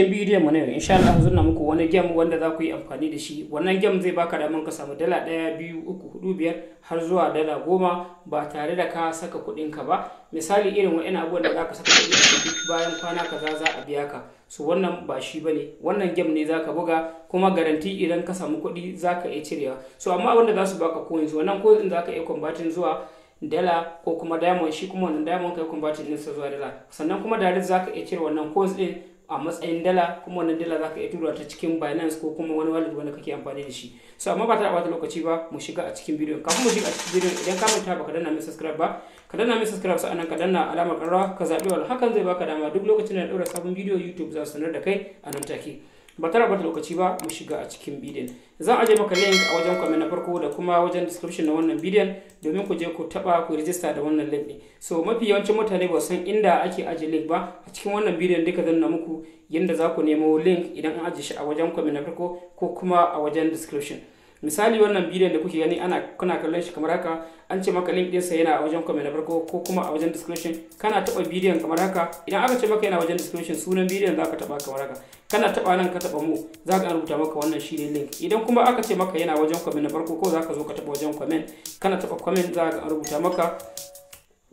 cikin bidiyon mu na yau insha Allah zan muku wani gem wanda za ku yi amfani da shi wannan gem zai baka damar ka samu dala ɗaya biyu uku hudu biyar har zuwa dala goma ba tare da ka saka kuɗin ka ba misali irin wa'in abubuwan da za ka saka kuɗi ka duk bayan kwana kaza za a biya ka so wannan ba shi ba ne wannan gem ne za ka buga kuma garanti idan ka samu kuɗi za ka iya cirewa so amma wanda za su baka su wannan coins za ka iya kwambatin zuwa dala ko kuma diamond shi kuma wannan diamond kai iya din sa zuwa dala sannan kuma za zaka iya cire wannan course din a matsayin dala kuma wannan dala zaka iya tura ta cikin Binance ko kuma wani wallet wanda kake amfani da shi so amma ba ta bata lokaci ba mu shiga a cikin bidiyon kafin mu shiga a cikin bidiyon idan ka manta ba ka danna min subscribe ba ka danna min subscribe sa'annan ka danna alamar ƙararrawa ka zaɓi wal hakan zai baka dama duk lokacin da na ɗaura sabon bidiyo YouTube za su sanar da kai a nan take ba tara bata lokaci ba mu shiga a cikin bidiyon zan aje maka link a wajen comment na farko da kuma wajen description na wannan bidiyon domin ku je ku taba ku register da wannan link ne so mafi yawancin mutane ba san inda ake aje link ba a cikin wannan bidiyon duka zan na muku yadda za ku nemo link idan an aje shi a wajen comment na farko ko kuma a wajen description misali wannan bidiyon da kuke gani ana kuna kallon shi kamar haka an ce maka link ɗinsa yana a wajen comment na farko ko kuma a wajen description kana taɓa bidiyon kamar haka idan aka ce maka yana wajen description sunan bidiyon za ka taɓa kamar haka kana taɓa nan ka taɓa mu za ka rubuta maka wannan shi ne link idan kuma aka ce maka yana wajen comment na farko ko za ka zo ka taɓa wajen comment kana taɓa comment za ka rubuta maka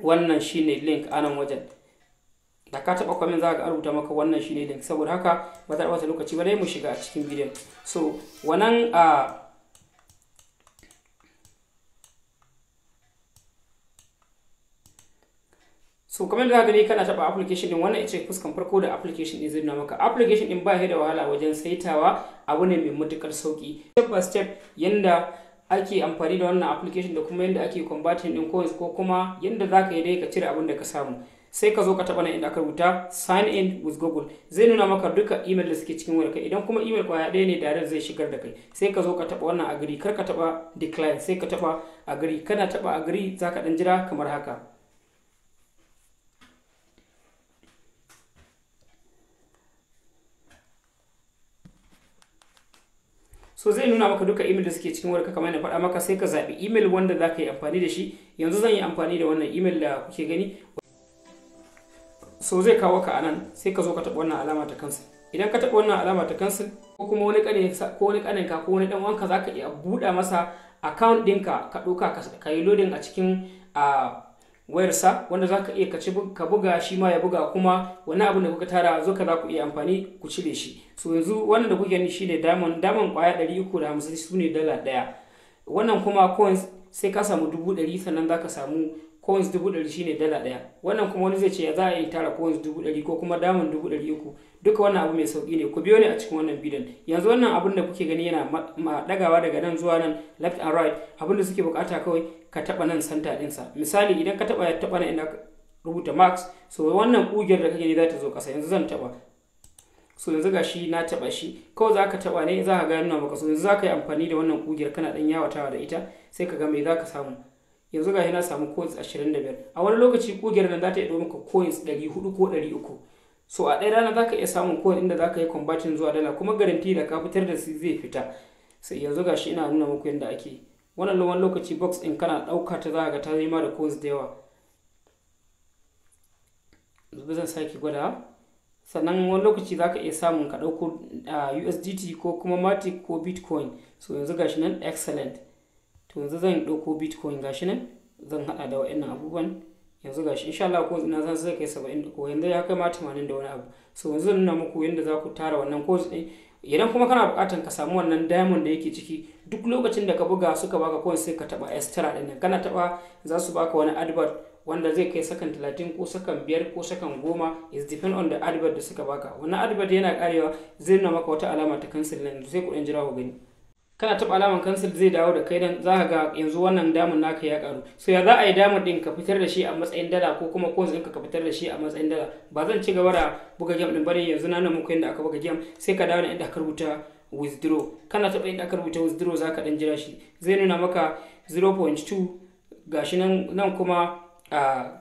wannan shi ne link a nan wajen da ka taɓa kwamin za ka rubuta maka wannan shi ne link saboda haka ba ta ɓata lokaci ba dai mu shiga a cikin bidiyon so wannan a ah, so kamar da za gani kana taba application din wannan ita fuskan farko da application din zai nuna maka application din ba da wahala wajen saitawa abu ne mai matukar sauki step by step yanda ake amfani da wannan application da kuma yanda ake combating din coins ko kuma yanda za ka yi dai ka cire abin da ka samu sai ka zo ka taba nan inda aka rubuta sign in with google zai nuna maka duka email da suke cikin kai idan kuma email kwaya daya ne direct zai shigar da kai sai ka zo ka taba wannan agree kar ka taba decline sai ka taba agree kana taba agree zaka dan jira kamar haka so zai nuna maka duka email da suke cikin warka kamar na faɗa maka sai ka zaɓi email wanda za ka yi amfani da shi yanzu zan yi amfani da wannan email da kuke gani so zai kawo ka anan sai ka zo ka taɓa wannan alama ta kansil idan ka taɓa wannan alama ta kansa ko kuma wani ƙanin ko wani ka ko wani ɗan wanka za ka iya buɗa masa account ɗinka ka ɗauka ka yi loading a cikin ah, wayarsa wanda zaka ka iya ka buga shi ma ya buga kuma wani abin da kuka tara zo ka za ku iya amfani ku cire shi so yanzu wannan da kuke gani shine diamond diamond kwaya 350 su ne dala ɗaya wannan kuma coins sai ka samu dubu ɗari sannan za ka samu kowanne dubu ɗari shine dala ɗaya wannan kuma wani zai ce ya za a yi tara kowanne dubu ɗari ko kuma damun dubu dari uku duka wannan abu mai sauki ne ku biyo ne a cikin wannan bidiyon yanzu wannan abun da kuke gani yana dagawa daga nan zuwa nan left and right abun da suke bukata kawai ka taɓa nan santa ɗinsa misali idan ka taɓa ya taɓa nan ina rubuta max so wannan ƙugiyar da kake ne za ta zo ƙasa yanzu zan taɓa so yanzu ga shi na taba shi kawai za ka taba ne za ka gano maka so yanzu za ka yi amfani da wannan kugiyar kana dan yawatawa da ita sai ka ga me za ka samu yanzu ga na samu coins 25 a wani lokaci kugiyar nan za ta iya ɗau maka coins 400 ko 300 so a ɗaya rana za ka iya samun coin inda za ka yi kwambatin zuwa dala kuma garanti da ka fitar da su zai fita sai yanzu ga shi ina nuna muku yadda ake wannan wani lokaci box in kana ɗauka ta za ga ta ma da coins da yawa yanzu zan sake gwada sannan wani lokaci za ka iya samun ka ɗauko ah, usdt ko kuma matic ko bitcoin so yanzu ga shi nan excellent to yanzu zan ɗauko bitcoin gashi nan zan haɗa da waɗannan abubuwan yanzu gashi insha Allah ko ina zan sai kai 70 ko yanzu ya kai ma 80 da wani abu so yanzu zan nuna muku yanda za ku tara wannan ko zai idan kuma kana buƙatar ka samu wannan diamond da yake ciki duk lokacin da ka buga suka baka coin sai ka taba extra din kana taba za su baka wani advert wanda zai kai sakan 30 ko sakan 5 ko sakan 10 is depend on the advert da suka baka wannan advert yana karewa zai nuna maka wata alama ta cancel nan sai ku dan jira ku gani kana taɓa alaman cancel zai dawo da kai dan za ka ga yanzu wannan damun naka ya karu so ya za a yi damar din ka fitar da shi a matsayin dala ko kuma coins ɗinka ka fitar da shi a matsayin dala ba zan ci gaba da buga game din bari yanzu na muku yadda aka buga game sai ka dawo da inda aka rubuta withdraw kana taɓa inda aka rubuta withdraw za ka ɗan jira shi zai nuna maka 0.2 gashi nan nan kuma a ah,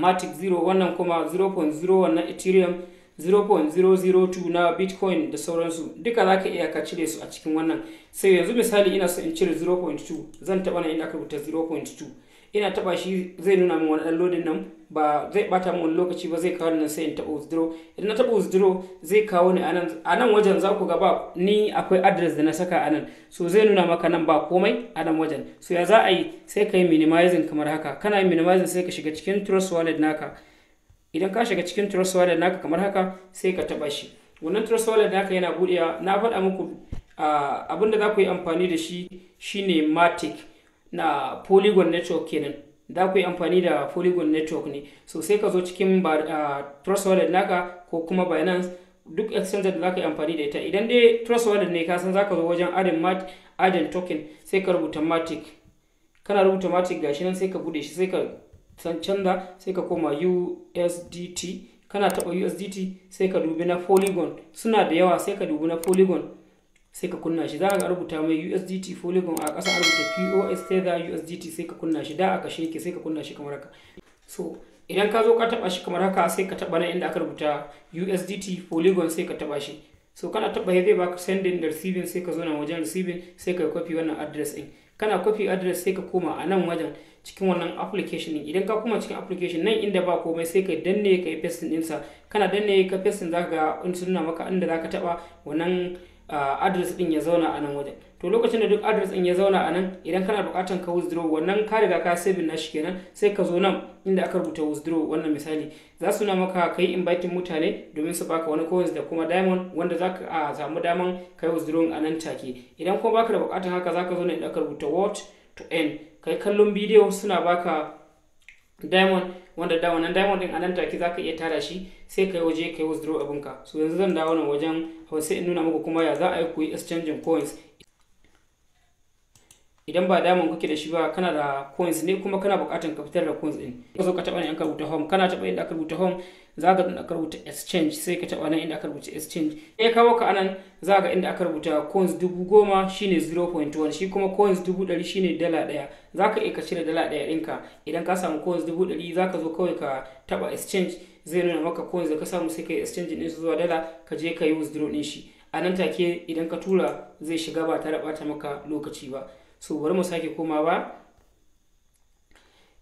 matic 0 wannan kuma 0.0 wannan ethereum 0.002 na bitcoin da sauransu duka za ka iya ka cire su a cikin wannan sai yanzu misali ina so in cire 0.2 zan taɓa nan ina ka rubuta 0.2 ina taɓa shi zai nuna min wani loading nan ba zai bata min wani lokaci ba zai kawo nan sai in taɓa withdraw idan na taɓa withdraw zai kawo ni anan a nan wajen za ku ga ba ni akwai address da na saka anan so zai nuna maka nan ba komai anan wajen so ya za a yi sai ka yi minimizing kamar haka kana minimizing sai ka shiga cikin trust wallet naka idan ka shiga cikin trust wallet naka kamar haka sai ka taba shi wannan trust wallet naka yana budewa na faɗa muku abin da za ku yi amfani da shi shine matic na polygon network kenan za ku yi amfani da polygon network ne so sai ka zo cikin trust wallet naka ko kuma binance duk exchange da za ka yi amfani da ita idan dai trust wallet ne ka san za ka zo wajen adin mat adin token sai ka rubuta matic kana rubuta matic gashi nan sai ka bude shi sai ka san canza sai ka koma USDT kana taɓa USDT sai ka dubi na polygon suna da yawa sai ka dubi na polygon sai ka kunna shi za ka rubuta mai USDT polygon a ƙasa rubuta POS tether USDT sai ka kunna shi da a kashe sai ka kunna shi kamar haka so idan ka zo ka taɓa shi kamar haka sai ka taɓa na inda aka rubuta USDT polygon sai ka taɓa shi so kana taɓa zai baka sending da receiving sai ka zo na wajen receiving sai ka copy wannan address ɗin kana copy address sai ka koma a nan wajen cikin wannan application din idan ka kuma cikin application nan inda ba komai sai ka danne ka yi pasting sa kana danne ka pasting za ka in nuna maka inda za taba taɓa wannan ah, address din ya zauna a nan wajen to lokacin da duk address din ya zauna a nan idan kana buƙatar ka withdraw wannan ka riga ka na shi kenan sai ka zo nan inda aka rubuta withdraw wannan misali za su na maka ka yi inviting mutane domin su baka wani coins da kuma diamond wanda za a ah, samu daman ka yi a nan take idan kuma baka da buƙatar haka za ka zo nan inda aka rubuta what to end kai kallon bidiyo suna baka diamond wanda da wannan diamond din anan take zaka iya tara shi sai kai waje kai withdraw ka so yanzu zan dawo nan wajen hausa in nuna muku kuma ya za a yi kuyi coins idan ba diamond kake da shi ba kana da coins ne kuma kana bukatan ka fitar da coins din ka zo ka taba ne an ka rubuta home kana taba inda aka rubuta home za ga aka rubuta exchange sai ka taɓa nan inda aka rubuta exchange ya kawo ka anan za ga inda aka rubuta coins dubu goma shine 0.1 shi kuma coins dubu ɗari shine dala ɗaya za ka iya ka cire dala ɗaya ɗinka idan ka samu coins dubu ɗari za ka zo kawai ka taɓa exchange zai nuna maka coins da ka samu sai ka yi exchange ɗin su zuwa dala ka je ka yi withdraw ɗin shi a nan take idan ka tura zai shiga ba tare ɓata maka lokaci ba so bari mu sake koma ba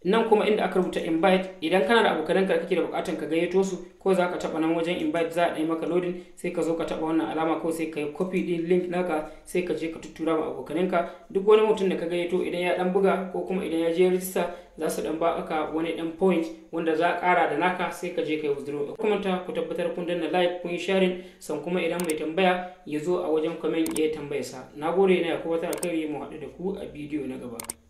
nan kuma inda aka rubuta invite idan kana da abokanan da kake da bukatan ka gayyato su ko za ka taba nan wajen invite za a ɗaya maka loading sai ka zo ka taba wannan alama ko sai ka yi copy din link naka sai ka je ka tuttura ma ka duk wani mutum da ka gayyato idan ya dan buga ko kuma idan ya je register za su dan baka wani dan point wanda za a kara da naka sai ka je ka yi withdraw kuma ku tabbatar kun danna like kun sharing san kuma idan mai tambaya ya zo a wajen comment ya tambaya sa nagode na yakuba ta kai mu haɗu da ku a bidiyo na gaba